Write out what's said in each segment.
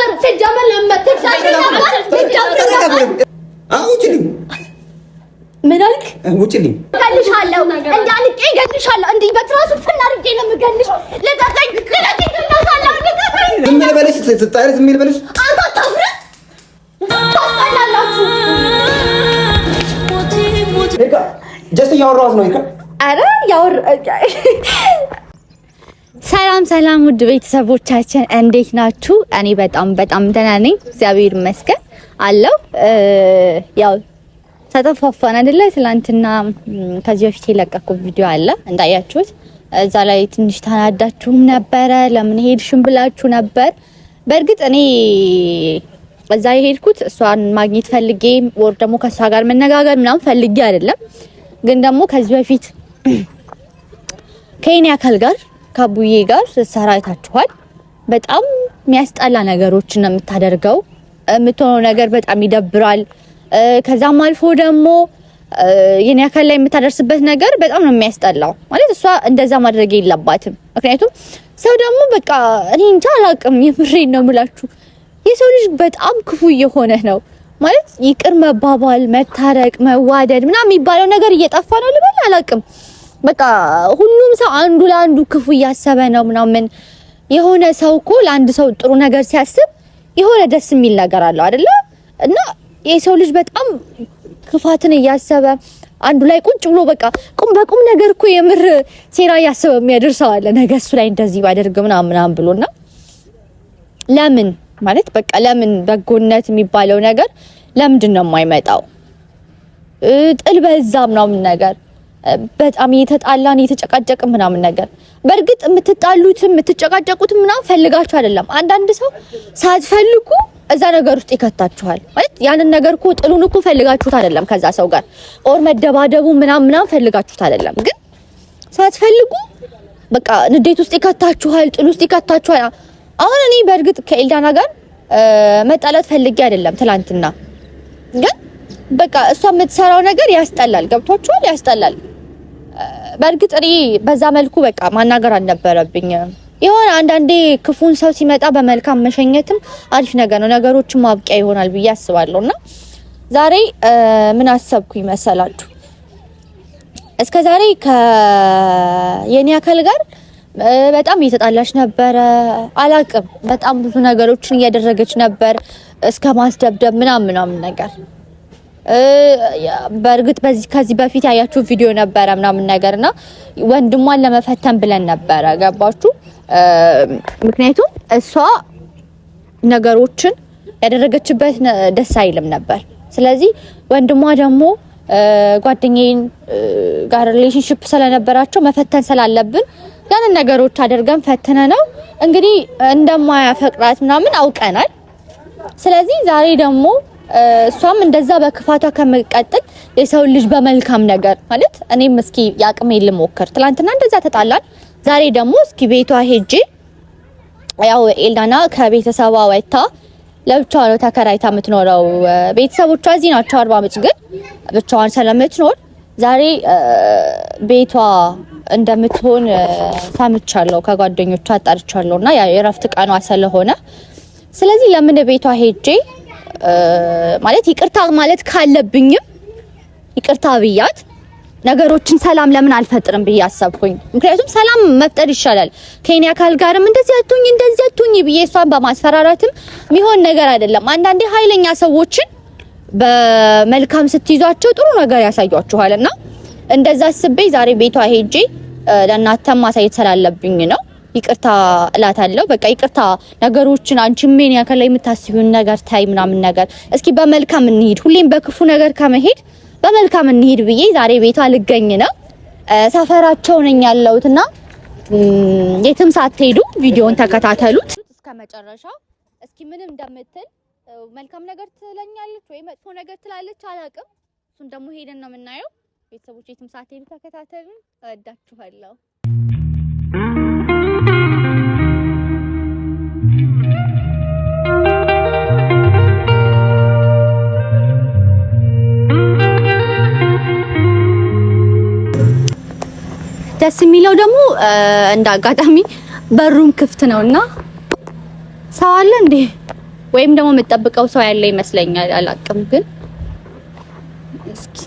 ነበር ሲጀመር ምን አልክ? ውጭልኝ እገልሻለሁ፣ እንዳልቄ እገልሻለሁ። እንዲህ በትራሱ ፍና አድርጌ ነው የምገልሽ። ልቀቀኝ፣ ልቀቀኝ፣ እገልሻለሁ። ዝም ልበልሽ? ስጣሪ ዝም ልበልሽ? አንተ አታፍር? ታስጠላላችሁ። ጀስት እያወራኋት ነው። ኧረ ያወራ ሰላም ሰላም ውድ ቤተሰቦቻችን እንዴት ናችሁ? እኔ በጣም በጣም ደህና ነኝ፣ እግዚአብሔር ይመስገን አለው። ያው ተጠፋፋን አይደለ? ትላንትና ከዚህ በፊት የለቀኩት ቪዲዮ አለ እንዳያችሁት። እዛ ላይ ትንሽ ተናዳችሁም ነበረ፣ ለምን ሄድሽም ብላችሁ ነበር። በእርግጥ እኔ እዛ የሄድኩት እሷን ማግኘት ፈልጌ ወር ደግሞ ከእሷ ጋር መነጋገር ምናምን ፈልጌ አይደለም። ግን ደግሞ ከዚህ በፊት ከኔ አካል ጋር ከአቡዬ ጋር ስትሰራ አይታችኋል። በጣም የሚያስጠላ ነገሮች ነው የምታደርገው። የምትሆነው ነገር በጣም ይደብራል። ከዛም አልፎ ደግሞ የኔ አካል ላይ የምታደርስበት ነገር በጣም ነው የሚያስጠላው። ማለት እሷ እንደዛ ማድረግ የለባትም። ምክንያቱም ሰው ደግሞ በቃ እኔ እንጃ አላቅም። የምሬን ነው የምላችሁ የሰው ልጅ በጣም ክፉ እየሆነ ነው ማለት ይቅር መባባል፣ መታረቅ፣ መዋደድ ምናምን የሚባለው ነገር እየጠፋ ነው ልበል አላቅም። በቃ ሁሉም ሰው አንዱ ለአንዱ ክፉ እያሰበ ነው ምናምን። የሆነ ሰው እኮ ለአንድ ሰው ጥሩ ነገር ሲያስብ የሆነ ደስ የሚል ነገር አለው አይደለ? እና የሰው ልጅ በጣም ክፋትን እያሰበ አንዱ ላይ ቁጭ ብሎ በቃ ቁም በቁም ነገር እኮ የምር ሴራ እያሰበ የሚያደርሰው አለ። ነገ እሱ ላይ እንደዚህ ባደርግ ምናምን ምናምን ብሎና ለምን ማለት በቃ ለምን በጎነት የሚባለው ነገር ለምንድን ነው የማይመጣው? ጥል በዛ ምናምን ነገር በጣም የተጣላን የተጨቃጨቅ ምናምን ነገር በእርግጥ የምትጣሉት የምትጨቃጨቁት ምናምን ፈልጋችሁ አይደለም። አንዳንድ ሰው ሳትፈልጉ እዛ ነገር ውስጥ ይከታችኋል ማለት ያንን ነገር እኮ ጥሉን እኮ ፈልጋችሁት አይደለም። ከዛ ሰው ጋር ኦር መደባደቡ ምናምን ምናምን ፈልጋችሁት አይደለም፣ ግን ሳትፈልጉ በቃ ንዴት ውስጥ ይከታችኋል፣ ጥሉ ውስጥ ይከታችኋል። አሁን እኔ በእርግጥ ከኤልዳና ጋር መጣላት ፈልጌ አይደለም ትላንትና ግን በቃ እሷ የምትሰራው ነገር ያስጠላል። ገብቷችኋል? ያስጠላል። በእርግጥ እኔ በዛ መልኩ በቃ ማናገር አልነበረብኝም። የሆነ አንዳንዴ ክፉን ሰው ሲመጣ በመልካም መሸኘትም አሪፍ ነገር ነው። ነገሮችን ማብቂያ ይሆናል ብዬ አስባለሁ። እና ዛሬ ምን አሰብኩ ይመሰላችሁ? እስከ ዛሬ ከየኔ አካል ጋር በጣም እየተጣላች ነበረ። አላቅም፣ በጣም ብዙ ነገሮችን እያደረገች ነበር እስከ ማስደብደብ ምናምን ምናምን ነገር በእርግጥ በዚህ ከዚህ በፊት ያያችሁ ቪዲዮ ነበረ ምናምን ነገር እና ወንድሟን ለመፈተን ብለን ነበረ። ገባችሁ? ምክንያቱም እሷ ነገሮችን ያደረገችበት ደስ አይልም ነበር። ስለዚህ ወንድሟ ደግሞ ጓደኛዬን ጋር ሪሌሽንሽፕ ስለነበራቸው መፈተን ስላለብን ያንን ነገሮች አድርገን ፈትነ ነው እንግዲህ እንደማያፈቅራት ምናምን አውቀናል። ስለዚህ ዛሬ ደግሞ እሷም እንደዛ በክፋቷ ከመቀጠል የሰው ልጅ በመልካም ነገር ማለት እኔም እስኪ ያቅሜ ልሞክር። ትላንትና እንደዛ ተጣላን፣ ዛሬ ደግሞ እስኪ ቤቷ ሄጄ ያው ኤልዳና ከቤተሰቧ ወጥታ ለብቻዋ ነው ተከራይታ የምትኖረው። ቤተሰቦቿ እዚህ ናቸው አርባ ምንጭ፣ ግን ብቻዋን ስለምትኖር ዛሬ ቤቷ እንደምትሆን ሰምቻለሁ፣ ከጓደኞቿ አጣርቻለሁ። እና የእረፍት ቀኗ ስለሆነ ስለዚህ ለምን ቤቷ ሄጄ ማለት ይቅርታ ማለት ካለብኝም ይቅርታ ብያት ነገሮችን ሰላም ለምን አልፈጥርም ብዬ አሰብኩኝ። ምክንያቱም ሰላም መፍጠር ይሻላል። ከኔ አካል ጋርም እንደዚህ አትሁኝ እንደዚህ አትሁኝ ብዬ እሷን በማስፈራራትም የሚሆን ነገር አይደለም። አንዳንዴ ኃይለኛ ሰዎችን በመልካም ስትይዟቸው ጥሩ ነገር ያሳያችኋልና እንደዛ አስቤ ዛሬ ቤቷ ሄጄ ለእናንተም ማሳየት ስላለብኝ ነው ይቅርታ እላታለሁ። በቃ ይቅርታ ነገሮችን አንቺ ምን ያከለ ላይ የምታስቢውን ነገር ታይ ምናምን ነገር እስኪ በመልካም እንሂድ፣ ሁሌም በክፉ ነገር ከመሄድ በመልካም እንሂድ ብዬ ዛሬ ቤቷ ልገኝ ነው። ሰፈራቸው ነኝ ያለሁትና የትም ሳትሄዱ ቪዲዮን ተከታተሉት እስከ መጨረሻው። እስኪ ምንም እንደምትል መልካም ነገር ትለኛለች ወይ መጥፎ ነገር ትላለች አላውቅም። እሱን ደግሞ ሄደን ነው የምናየው። ቤተሰቦች የትም ሳትሄዱ ተከታተሉ። እወዳችኋለሁ። ደስ የሚለው ደግሞ እንደ አጋጣሚ በሩም ክፍት ነውና ሰው አለ እንዴ? ወይም ደግሞ የምጠብቀው ሰው ያለ ይመስለኛል። አላቅም ግን እስኪ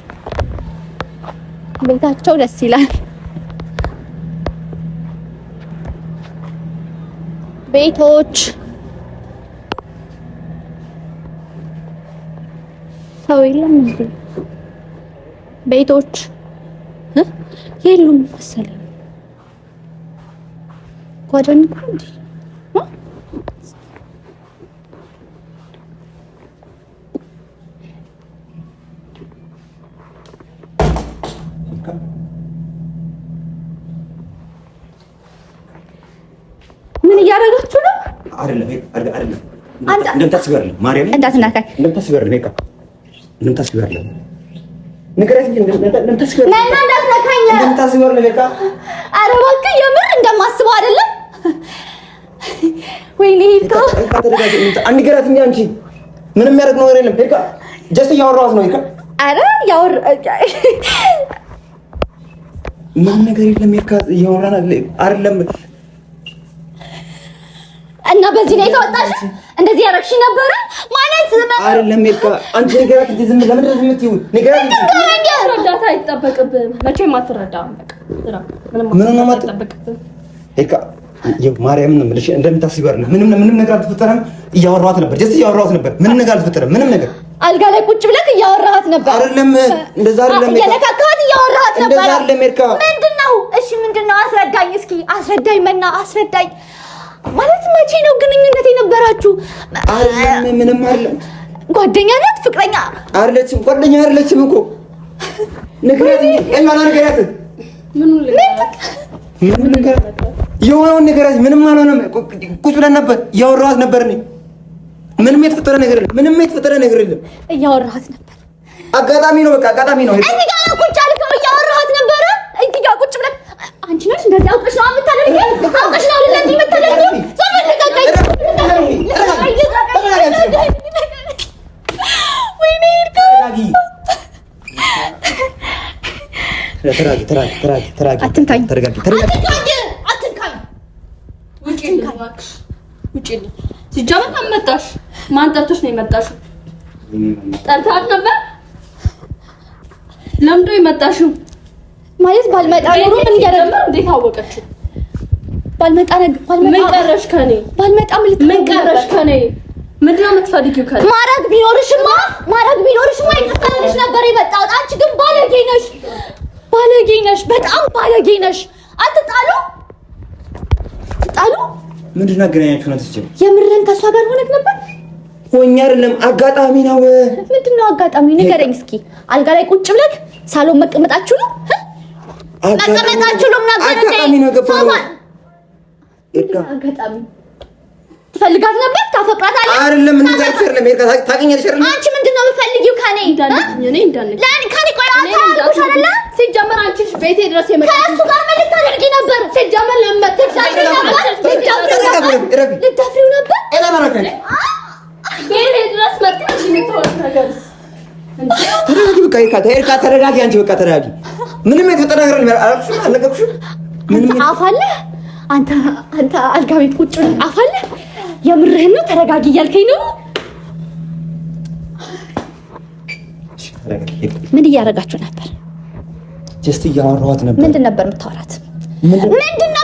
ቤታቸው ደስ ይላል። ቤቶች ሰው የለም እንዴ? ቤቶች የሉም መሰለኝ። ጓደን እኮ እንዴ እያደረጋችሁ ነው? አይደለም አይደለም፣ እንዳትስበር ማርያም፣ እንዳትናካኝ፣ እንዳትስበር ነው ምንም ታስቢው እንደማስበው አይደለም። ወይኔ ነገር የለም። ሄድካ ጀስት እያወራኋት ነው። ሄድካ ኧረ እያወራ ምንም ነገር የለም። ሄድካ እያወራን አይደለም እና በዚህ ነው የተወጣሽ እንደዚህ ያደረግሽ ነበረ ማለት አይደለም። ሜልካ አንቺ ነገራት እንደ ዝም ለምን ዝም ትይው ነገራት ረዳት አይጠበቅብህም። መቼም አትረዳም። ምንም ነው የማትጠበቅብህ ሜልካ ማርያም ነው የምልሽ። እንደምታስቢው አይደለም። ምንም ምንም ነገር አልተፈጠረም። እያወራኋት ነበር፣ ጀስት እያወራኋት ነበር። ምንም ነገር አልተፈጠረም። ምንም ነገር አልጋ ላይ ቁጭ ብለህ እያወራኋት ነበር። አይደለም እንደዛ አይደለም። እየነካካት እያወራኋት ነበር። እንደዛ አይደለም ሜልካ። ምንድን ነው እሺ? ምንድን ነው አስረዳኝ፣ እስኪ አስረዳኝ፣ መና አስረዳኝ ማለት መቼ ነው ግንኙነት የነበራችሁ? ምንም አለ ጓደኛ ናት ፍቅረኛ አይደለችም። ጓደኛ አይደለችም እኮ ንገሪያት። የሆነውን ንገሪያት። ምንም አልሆነም። ቁጭ ብለን ነበር እያወራኋት ነበር። እኔ ምንም የተፈጠረ ነገር የለም። ምንም የተፈጠረ ነገር የለም። እያወራኋት ነበር። አጋጣሚ ነው፣ በቃ አጋጣሚ ነው። እዚህ ጋር ቁጭ አልከው። እያወራኋት ነበረ። እዚህ ጋር ቁጭ ብለን አንቺ ነሽ እንደዚህ መጣሽ? ማን ጠርቶሽ ነው የመጣሽው? ጠርታት ነበር? ለምዶ የመጣሽው ማለት ባልመጣ ኖሮ ምን ያደረገ? እንዴት አወቀች? ባልመጣ ነገ ባልመጣ ምን ቀረሽ ከኔ? ባልመጣ ምን ቀረሽ ከኔ? ምንድን ነው የምትፈልጊው ከኔ? ማረግ ቢኖርሽ ምንድን ነው አገናኛችሁ? ነው ትችል የምርን ከሷ ጋር ሆነህ ነበር? ሆኜ አይደለም አጋጣሚ ነው። ምንድን ነው አጋጣሚ? ንገረኝ እስኪ። አልጋ ላይ ቁጭ ብለህ ሳሎን መቀመጣችሁ ነው መቀመጣችሁ ነው አጋጣሚ ነው። አጋጣሚ ትፈልጋት ነበር? ታፈቅራታለህ? አይደለም ታውቂኛለሽ። አንቺ ምንድን ነው የምትፈልጊው ከእኔ? ሲጀመር አንቺ ቤቴ ድረስ ከእሱ ጋር ምን ልታደርጊ ነበር? ሲጀመር ለምን መተሽ ተረጋጊ፣ አንቺ በቃ ተረጋጊ። ምንም የተጠራ ነገር አልለቀኩሽም። አፋለህ አንተ አንተ አልጋ ቤት ቁጭ አፋለህ። የምርህን ነው? ተረጋጊ እያልከኝ ነው? ምን እያደረጋችሁ ነበር? ጀስት እያወራኋት ነበር። ምንድን ነበር የምታወራት? ምንድን ነው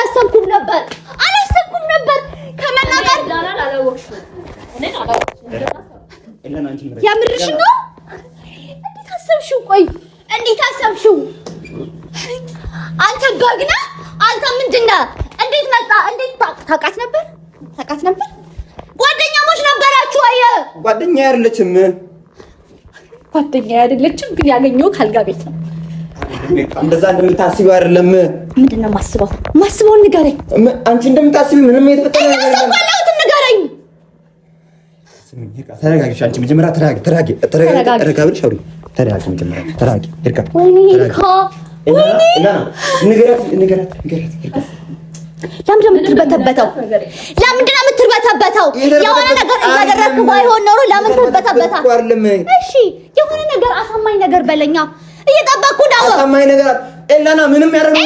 አላሰብኩም ነበር አላሰብኩም ነበር ከመናገር የምርሽን ነው። እንዴት አሰብሽው? ቆይ እንዴት አሰብሽው? አንተ በግ አንተ ምንድን እንዴት መጣ? እንዴት ታውቃት ነበር? ታውቃት ነበር? ጓደኛሞች ነበራችሁ? አየ ጓደኛ አይደለችም፣ ጓደኛ አይደለችም። ግን ያገኘው ካልጋ ቤት ነው። እንደዛ እንደምታስቢው አይደለም። ምንድን ነው ማስበው? ማስበውን ንገረኝ። አንቺ እንደምታስቢ ምንም የተፈጠረ ነገር የለም። ንገረኝ። ተረጋጊ። አንቺ መጀመሪያ ተረጋጊ። ተረጋጊ። ተረጋጊ። ተረጋጊ፣ ተረጋጊ፣ ለምንድነው የምትርበተበተው? ለምንድነው የምትርበተበተው? የሆነ ነገር እያደረግክ ባይሆን ኖሮ ለምን ትርበተበታ? እሺ የሆነ ነገር አሳማኝ ነገር በለኛ። እየጠበቅኩ ነው። አሳማኝ ነገር ኤላና ምንም ያደርገው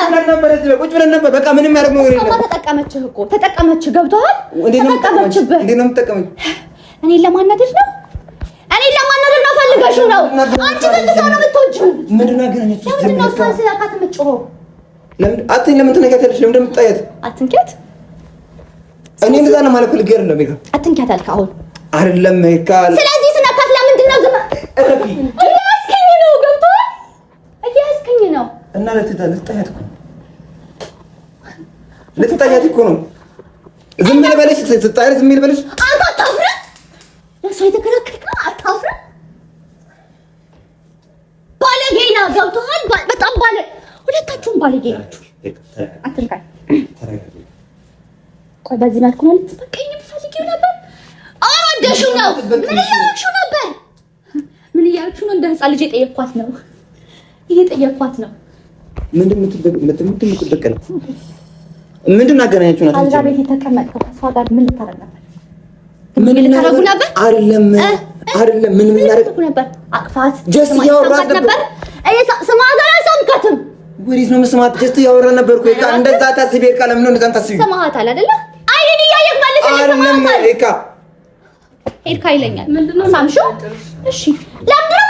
ነገር ነበር። በቃ ምንም ተጠቀመችህ እኮ ተጠቀመችህ። ገብቶሃል? ለማናደድ ነው። እኔን ለማናደድ ነው። ፈልገሽው ነው። አንቺ ስንት ሰው ነው የምትወጂው? ምንድን ነው ለምን አትንኪያት። አትንኪያት አልክ አሁን አይደለም ልትታያት እኮ ልትታያት እኮ ነው። ዝም ልበልሽ? ስታያት ዝም ልበልሽ? አንተ አታፍርም? ለእሷ የተከላከልክ አታፍርም? ባለጌ ነህ። ገብቶሃል? በጣም ባለ ሁለታችሁም ባለጌ ናችሁ። አትንካኝ። ቆይ በዚህ መልኩ ነው ልትበቀኝ የምትፈልጊው ነበር? አወረደሽው ነው። ምን እያደረግሽው ነበር? ምን እያደረግሽው ነው? እንደ ህፃን ልጅ የጠየኳት ነው እየጠየኳት ነው ምንድን የምትደበቅ ነው? ምንድን አገናኛችሁ? አልጋ ቤት የተቀመጥከው ከእሷ ጋር ምን ልታረግ ነበር? ምን ልታረጉ ነበር? አይደለም አይደለም፣ ምን ነበር? አቅፋት ጀስት እያወራን ነበር። ስማት አልሰምከትም። ወዴት ነው ጀስት እያወራን ነበር እንደዛ ታስቢ የካ ለምን ነው ታስቢ? ስማታል አይደለ? አይኔን እያየህ ይለኛል። ምንድን ነው እሺ ለምንድን ነው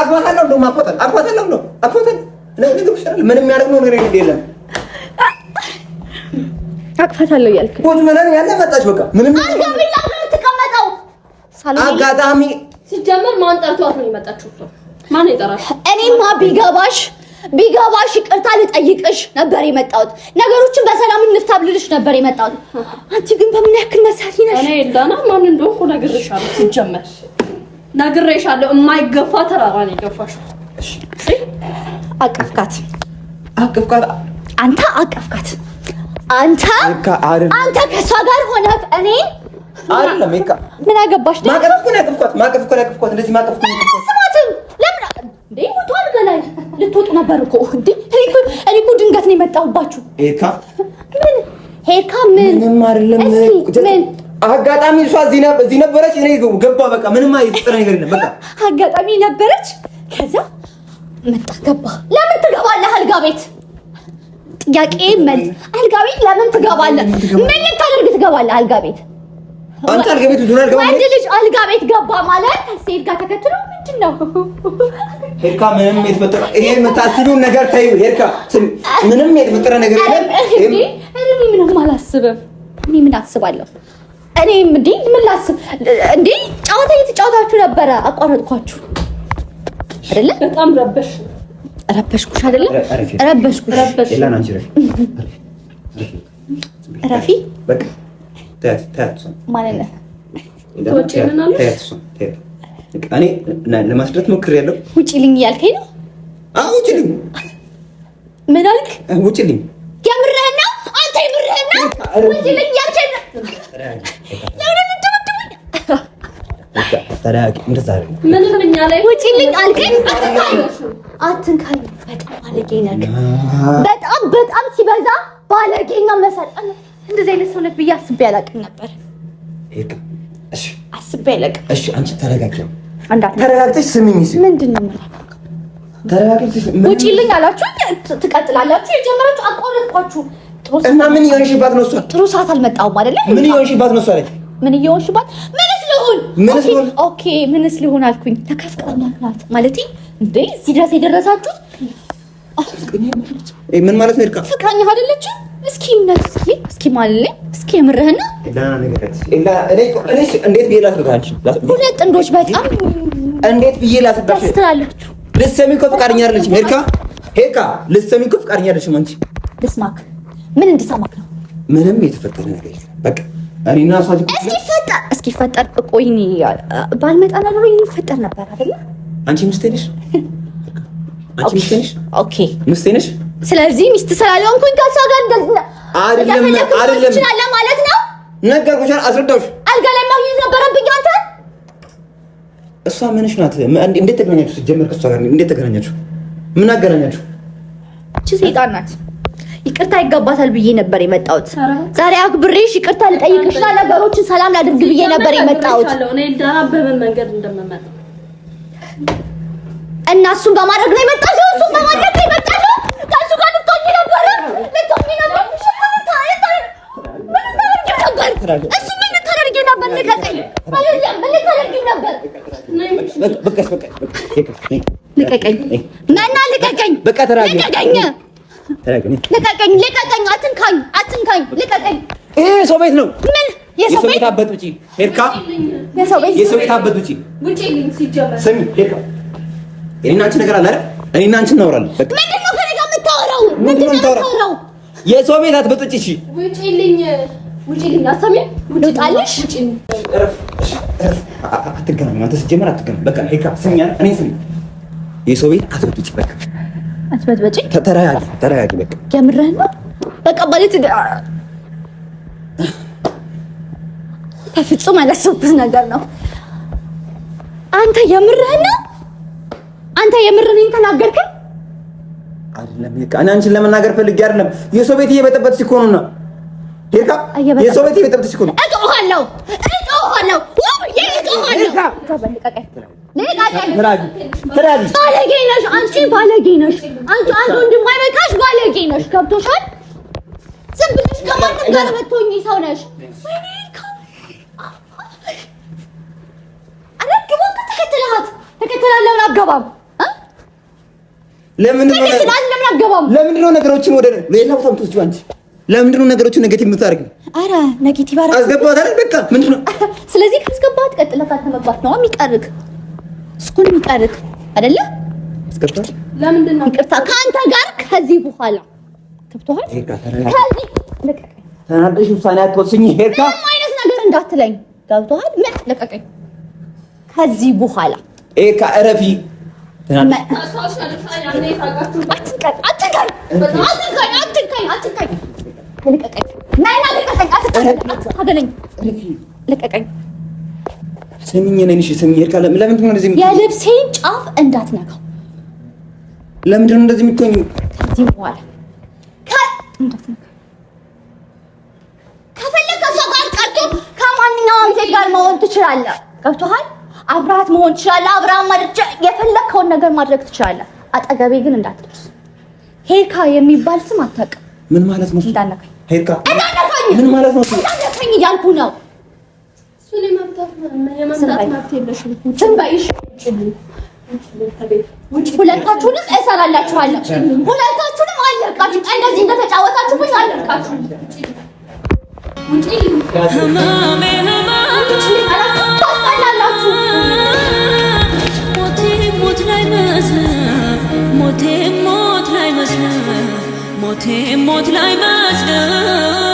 አግባታለሁ እንደውም አግባታለሁ አግባታለሁ ነው አግባታለሁ ነገር ይችላል ምንም ያደርግ ነው ነገር የለም። አግባታለሁ ያልክ ቁጭ ብለን ያለ መጣች በቃ ምንም የምትቀመጠው አጋጣሚ ሲጀመር ማን ጠርቷት ነው የመጣችው? ማን የጠራሽ? እኔማ ቢገባሽ ቢገባሽ ይቅርታ ልጠይቅሽ ነበር የመጣሁት። ነገሮችን በሰላም እንፍታ ብልልሽ ነበር የመጣሁት። አንቺ ግን በምን ያክል መሳሪ ነሽ? እኔ ዳና ማን እንደሆንኩ ነግሬሻለሁ ሲጀመር ነግሬሻለሁ። የማይገፋ ተራራ ነው የገፋሽው። አቀፍካት አቀፍካት አንተ አቀፍካት አንተ አንተ ከሷ ጋር ሆነህ እኔ አይደለም ይካ ምን አገባሽ? ማቀፍኩ ነው ያቀፍኳት። ማቀፍኩ ነው ያቀፍኳት። እንደዚህ ማቀፍኩ ነው ስማትም ለምን እንዴ ሞቷል? ገላይ ልትወጡ ነበር እኮ እንዴ። እኔ እኮ ድንገት ነው የመጣሁባችሁ። ሄርካ ምን ሄርካ ምን ምንም አይደለም ምን አጋጣሚ እሷ እዚህ ነበረች፣ እኔ ገባ። በቃ ምንም የተፈጠረ ነገር የለም። በቃ አጋጣሚ ነበረች፣ ከዛ መጣ ገባ። ለምን ትገባለህ አልጋ ቤት? ጥያቄ መልስ። አልጋ ቤት ለምን ትገባለህ? ምን ልታደርግ ትገባለህ አልጋ ቤት? አንተ አልጋ ቤት ዱና አልጋ ወንድ ልጅ አልጋ ቤት ገባ ማለት ሴት ጋር ተከትሎ ምንድን ነው? ሄርካ ምንም የተፈጠረ ይሄ የምታስቢውን ነገር ተይው። ሄርካ ምንም የተፈጠረ ነገር የለም። እኔ ምንም አላስብም። እኔ ምን አስባለሁ? እኔም እንዴ ምን ላስብ እንዴ ጨዋታ እየተጫወታችሁ ነበረ፣ አቋረጥኳችሁ አይደለ? በጣም ረበሽ ረበሽኩሽ አይደለ? ረበሽኩሽ ረፊ እኔ ለማስደት ሞክሬያለሁ። ውጪልኝ እያልከኝ ነው? አዎ ውጪልኝ። ምን አልክ? ውጪልኝ የምር ውጪልኝ በጣም በጣም ሲበዛ ባለጌና መሳጥ። እንደዚህ አይነት ሰው ነህ ብዬ አስቤ አላውቅም ነበር። አስቤ አላውቅም። እሺ አንቺ ተረጋጊ። ተረጋግተሽ ስሚኝ። ምንድን ነው ውጪልኝ አላችሁ፣ ትቀጥላላችሁ። የጀመራችሁ አቋረጥኳችሁ። እና ምን እየሆንሽባት ነው? እሷን ጥሩ ሰዓት አልመጣሁም አይደለ? ምን እየሆንሽባት ነው? እሷ ላይ ምን እየሆንሽባት? ምንስ ልሁን? ምንስ ልሁን? ኦኬ ምንስ ልሁን አልኩኝ። ማለት እንዴ? እዚህ ድረስ የደረሳችሁት ምን ማለት ነው? ይርካ ፍቅረኛ አይደለች። እስኪ እምነት እስኪ እስኪ ማለኝ እስኪ የምርህና እንዴት ብዬ ላስረዳሽ? ሁለት ጥንዶች በጣም እንዴት ብዬ ላስረዳሽ? ልትሰሚኝ እኮ ፈቃደኛ አይደለችም። ሄርካ ሄርካ ልትሰሚኝ እኮ ፈቃደኛ አይደለችም። አንቺ ልስማክ ምን እንድሰማክ ነው? ምንም የተፈጠረ ነገር የለም። በቃ እኔ እና እሷ እስኪፈጠር እስኪፈጠር ቆይ ባልመጣ ነገር ይፈጠር ነበር አይደለ? አንቺ ሚስቴ ነሽ፣ አንቺ ኦኬ ሚስቴ ነሽ። ስለዚህ ሚስት ስላልሆንኩኝ ከእሷ ጋር እንደዚህ አይደለም አይደለም ትችላለህ ማለት ነው። ነገርኩሽ፣ አስረዳሁሽ። አልጋ ላይ ማግኘት ነበረብኝ አንተ። እሷ ምንሽ ናት? እንዴት ተገናኛችሁ? ስትጀምር ከእሷ ጋር እንዴት ተገናኛችሁ? ምን አገናኛችሁ? እቺ ሴጣን ናት። ይቅርታ ይገባታል ብዬ ነበር የመጣሁት። ዛሬ አክብሬሽ ይቅርታ ልጠይቅሽና ነገሮችን ሰላም ላድርግ ብዬ ነበር የመጣሁት እና እሱን በማድረግ ነው የመጣሁት። እሱን በማድረግ ነው የመጣሁት። ከእሱ ጋር ልትሆኚ ነበር ልትሆኚ ነበር። እሱ ምን ልታደርጊ ነበር? ልቀቀኝ! ምን ልታደርጊ ነበር? ልቀቀኝ! ልቀቀኝ! ልቀቀኝ! ልቀቀኝ! ልቀቀኝ! አትንካኝ! አትንካኝ! ልቀቀኝ! ይሄ የሰው ቤት ነው። ምን የሰው ቤት ውጪ! የሰው ቤት ውጪ! ስሚ ነገር አለ አይደል? እኔና አንቺ እናወራለን። ምንድን ነው ከእኔ ጋር የምታወራው? ምንድን ነው የምታወራው? የሰው ቤት አትበጥ ውጪ! እሺ ውጪልኝ! ውጪልኝ! እረፍ! አንተ ስትጀምር አትገናኝም። በቃ ሄርካ ስሚኝ፣ እኔን ስሚ። የሰው ቤት ውጪ! በቃ አትበጥበጭኝ። ተረጋጊ፣ በቃ የምርህን ነው። በቃ አላሰብኩት ነገር ነው። አንተ የምርህን ነው? አንተ የምርህን አይደለም እኔ አንቺን ለመናገር ፈልጌ አይደለም። የሰው ቤት ነው። የሰው ቤት ባለጌ ነሽ አንቺ፣ ባለጌ ነሽ አንቺ። አንድ ወንድም አይበቃሽ፣ ባለጌ ነሽ። ገብቶሻል? ዝም ብለሽ ከማንም ጋር ብትሆኚ ሰው ነሽ። ተከትለሃት ለምን አገባም ለምን ነው ነገሮችን ወደ ሌላ ቦታ ምትወስጂው አንቺ? ለምንድን ነው ነገሮችን ኔጌቲቭ የምታደርጊው? ኧረ ኔጌቲቭ አረ አስገባት አይደል? በቃ ምንድን ነው ስለዚህ ካስገባት ቀጥለህ ካልተመባት ነው የሚቀርክ እስኩን የሚቀርክ አይደለ? አስገባት ለምንድን ነው ይቅርታ ከአንተ ጋር ከዚህ በኋላ ከብቶሃል። ከዚህ በቃ ተናደሽ ውሳኔ አትወስኝ። ሄርካ ምንም አይነት ነገር እንዳትለኝ ገብቶሃል? ምን ለቀቀኝ። ከዚህ በኋላ ኤካ እረፊ። ተናደሽ አትንቀር፣ አትንቀር፣ አትንቀር ለምን የልብሴን ጫፍ እንዳትነካው። ለምንድን ነው እንደዚህ የምትሆኝ? ከማንኛውም ሴት ጋር መሆን ትችላለህ። ገብቶሃል? አብረሃት መሆን ትችላለህ። አብረሃት ማድረግ የፈለግከውን ነገር ማድረግ ትችላለህ። አጠገቤ ግን እንዳትደርስ። የሚባል ስም አታውቅም። ምን ማለት ነው? እንዳነካኝ ሄርካ ምን ማለት ነው? እንዳነካኝ እያልኩ ነው። ሁለታችሁንም እሰራላችኋለሁ። ሁለታችሁንም አለቃችሁ። እንደዚህ እንደተጫወታችሁብኝ አለቃችሁ። ሞቴ ሞቴ ሞት ላይ ማስደው